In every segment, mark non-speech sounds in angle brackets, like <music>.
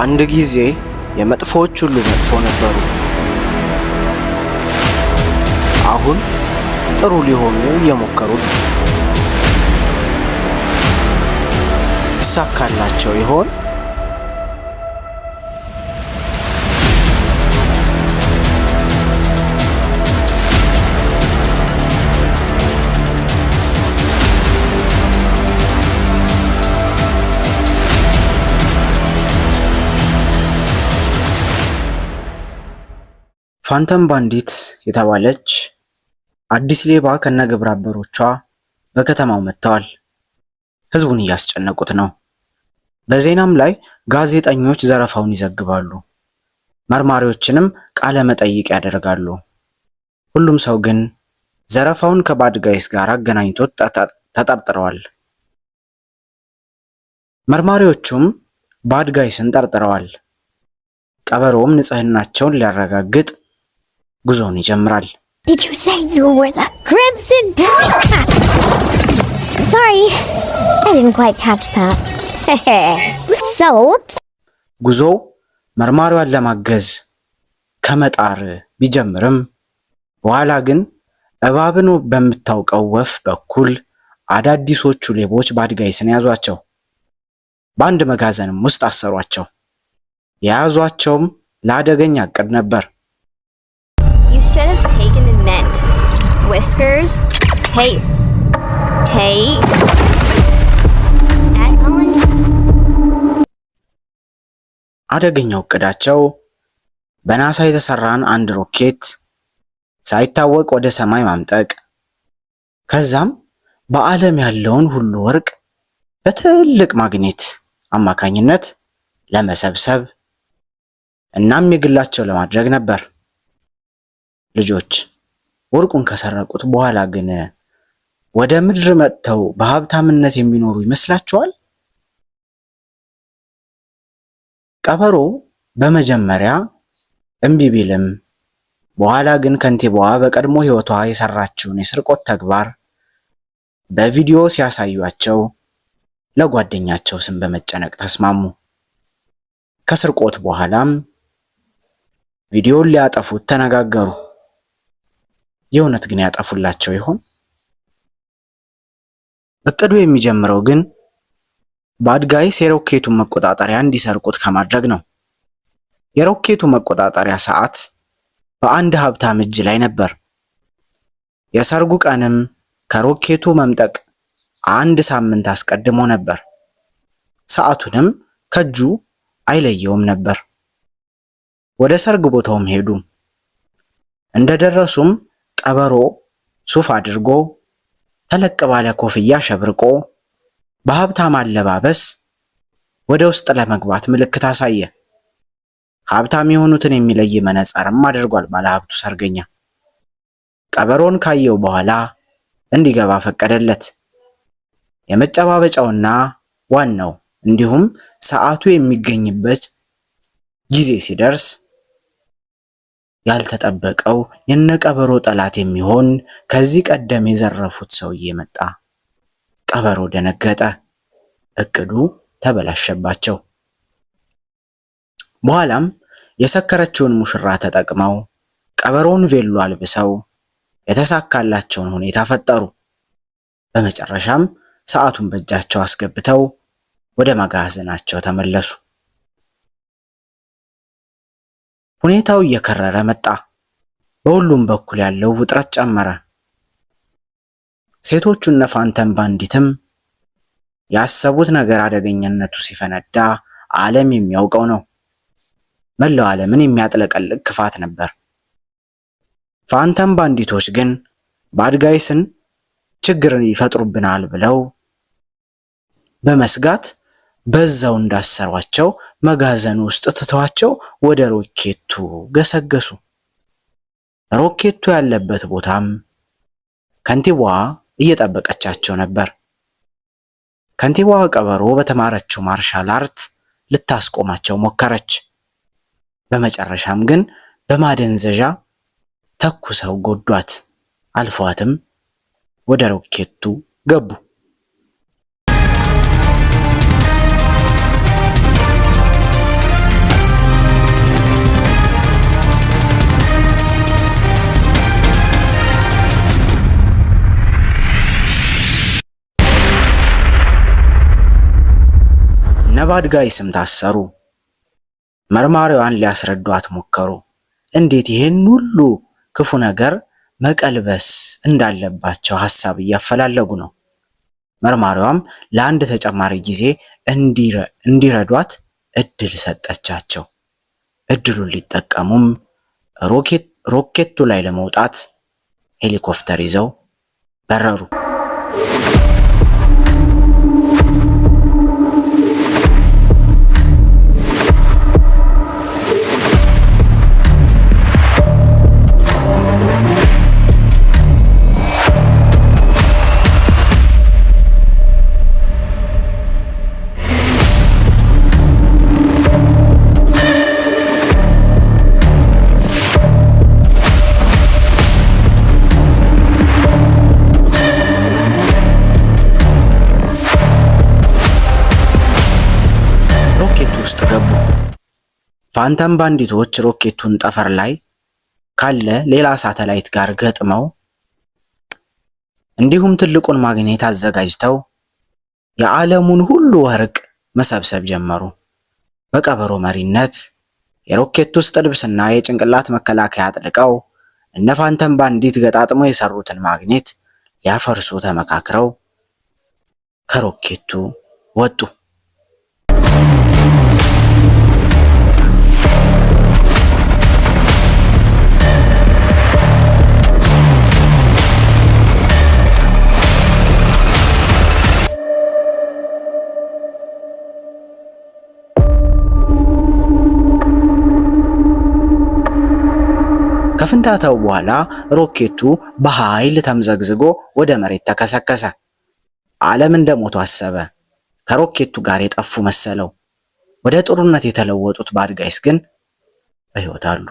አንድ ጊዜ የመጥፎዎች ሁሉ መጥፎ ነበሩ፣ አሁን ጥሩ ሊሆኑ እየሞከሩ ነው። ይሳካላቸው ይሆን? ፋንተም ባንዲት የተባለች አዲስ ሌባ ከነግብረ አበሮቿ በከተማው መጥተዋል። ህዝቡን እያስጨነቁት ነው። በዜናም ላይ ጋዜጠኞች ዘረፋውን ይዘግባሉ፣ መርማሪዎችንም ቃለ መጠይቅ ያደርጋሉ። ሁሉም ሰው ግን ዘረፋውን ከባድ ጋይስ ጋር አገናኝቶት ተጠርጥረዋል። መርማሪዎቹም ባድ ጋይስን ጠርጥረዋል። ቀበሮም ንጽህናቸውን ሊያረጋግጥ ጉዞውን ይጀምራል። <laughs> ጉዞው መርማሪዋን ለማገዝ ከመጣር ቢጀምርም በኋላ ግን እባብን በምታውቀው ወፍ በኩል አዳዲሶቹ ሌቦች ባድጋይስን ያዟቸው። በአንድ መጋዘንም ውስጥ አሰሯቸው። የያዟቸውም ለአደገኛ እቅድ ነበር። should have taken the mint. Whiskers, tape, tape. አደገኛው እቅዳቸው በናሳ የተሰራን አንድ ሮኬት ሳይታወቅ ወደ ሰማይ ማምጠቅ ከዛም በዓለም ያለውን ሁሉ ወርቅ በትልቅ ማግኔት አማካኝነት ለመሰብሰብ እናም የግላቸው ለማድረግ ነበር። ልጆች ወርቁን ከሰረቁት በኋላ ግን ወደ ምድር መጥተው በሀብታምነት የሚኖሩ ይመስላችኋል? ቀበሮ በመጀመሪያ እምቢ ቢልም በኋላ ግን ከንቲባዋ በቀድሞ ሕይወቷ የሰራችውን የስርቆት ተግባር በቪዲዮ ሲያሳያቸው ለጓደኛቸው ስም በመጨነቅ ተስማሙ። ከስርቆት በኋላም ቪዲዮን ሊያጠፉት ተነጋገሩ። የእውነት ግን ያጠፉላቸው ይሆን? እቅዱ የሚጀምረው ግን ባድጋይስ የሮኬቱን መቆጣጠሪያ እንዲሰርቁት ከማድረግ ነው። የሮኬቱ መቆጣጠሪያ ሰዓት በአንድ ሀብታም እጅ ላይ ነበር። የሰርጉ ቀንም ከሮኬቱ መምጠቅ አንድ ሳምንት አስቀድሞ ነበር። ሰዓቱንም ከእጁ አይለየውም ነበር። ወደ ሰርግ ቦታውም ሄዱ። እንደደረሱም ቀበሮ ሱፍ አድርጎ ተለቅ ባለ ኮፍያ ሸብርቆ በሀብታም አለባበስ ወደ ውስጥ ለመግባት ምልክት አሳየ። ሀብታም የሆኑትን የሚለይ መነጽርም አድርጓል ባለሀብቱ ሰርገኛ። ቀበሮን ካየው በኋላ እንዲገባ ፈቀደለት። የመጨባበጫውና ዋናው እንዲሁም ሰዓቱ የሚገኝበት ጊዜ ሲደርስ ያልተጠበቀው የነቀበሮ ጠላት የሚሆን ከዚህ ቀደም የዘረፉት ሰውዬ መጣ። ቀበሮ ደነገጠ። እቅዱ ተበላሸባቸው። በኋላም የሰከረችውን ሙሽራ ተጠቅመው ቀበሮውን ቬሎ አልብሰው የተሳካላቸውን ሁኔታ ፈጠሩ። በመጨረሻም ሰዓቱን በእጃቸው አስገብተው ወደ መጋዘናቸው ተመለሱ። ሁኔታው እየከረረ መጣ። በሁሉም በኩል ያለው ውጥረት ጨመረ። ሴቶቹ እነ ፋንተን ባንዲትም ያሰቡት ነገር አደገኛነቱ ሲፈነዳ ዓለም የሚያውቀው ነው። መላው ዓለምን የሚያጥለቀልቅ ክፋት ነበር። ፋንተም ባንዲቶች ግን ባድጋይስን ችግርን ይፈጥሩብናል ብለው በመስጋት በዛው እንዳሰሯቸው መጋዘን ውስጥ ትተዋቸው ወደ ሮኬቱ ገሰገሱ። ሮኬቱ ያለበት ቦታም ከንቲባዋ እየጠበቀቻቸው ነበር። ከንቲባዋ ቀበሮ በተማረችው ማርሻል አርት ልታስቆማቸው ሞከረች። በመጨረሻም ግን በማደንዘዣ ተኩሰው ጎዷት፣ አልፈዋትም ወደ ሮኬቱ ገቡ። በአባድጋይ ስም ታሰሩ። መርማሪዋን ሊያስረዷት ሞከሩ፣ እንዴት ይህን ሁሉ ክፉ ነገር መቀልበስ እንዳለባቸው ሐሳብ እያፈላለጉ ነው። መርማሪዋም ለአንድ ተጨማሪ ጊዜ እንዲረዷት እድል ሰጠቻቸው። እድሉን ሊጠቀሙም ሮኬቱ ላይ ለመውጣት ሄሊኮፕተር ይዘው በረሩ። ፋንተም ባንዲቶች ሮኬቱን ጠፈር ላይ ካለ ሌላ ሳተላይት ጋር ገጥመው እንዲሁም ትልቁን ማግኔት አዘጋጅተው የዓለሙን ሁሉ ወርቅ መሰብሰብ ጀመሩ። በቀበሮ መሪነት የሮኬት ውስጥ ልብስና የጭንቅላት መከላከያ አጥልቀው እነ ፋንተም ባንዲት ገጣጥሞ የሰሩትን ማግኔት ሊያፈርሱ ተመካክረው ከሮኬቱ ወጡ። ከፍንዳታው በኋላ ሮኬቱ በኃይል ተምዘግዝጎ ወደ መሬት ተከሰከሰ። ዓለም እንደሞቱ አሰበ። ከሮኬቱ ጋር የጠፉ መሰለው። ወደ ጦርነት የተለወጡት ባድጋይስ ግን በሕይወት አሉ።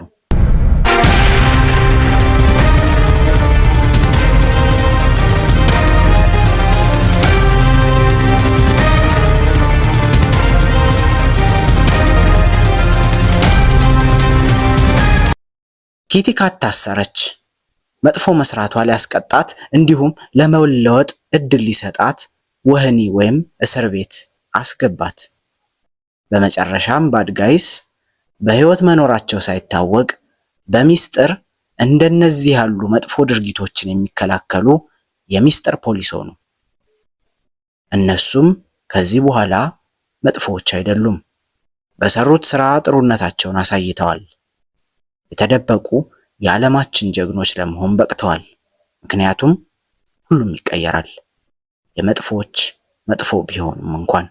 ኪቲካት ታሰረች። መጥፎ መስራቷ ሊያስቀጣት እንዲሁም ለመለወጥ እድል ሊሰጣት ወህኒ ወይም እስር ቤት አስገባት። በመጨረሻም ባድጋይስ በህይወት መኖራቸው ሳይታወቅ በሚስጥር እንደነዚህ ያሉ መጥፎ ድርጊቶችን የሚከላከሉ የሚስጥር ፖሊስ ሆኑ። እነሱም ከዚህ በኋላ መጥፎዎች አይደሉም። በሰሩት ስራ ጥሩነታቸውን አሳይተዋል። የተደበቁ የዓለማችን ጀግኖች ለመሆን በቅተዋል። ምክንያቱም ሁሉም ይቀየራል፣ የመጥፎዎች መጥፎ ቢሆንም እንኳን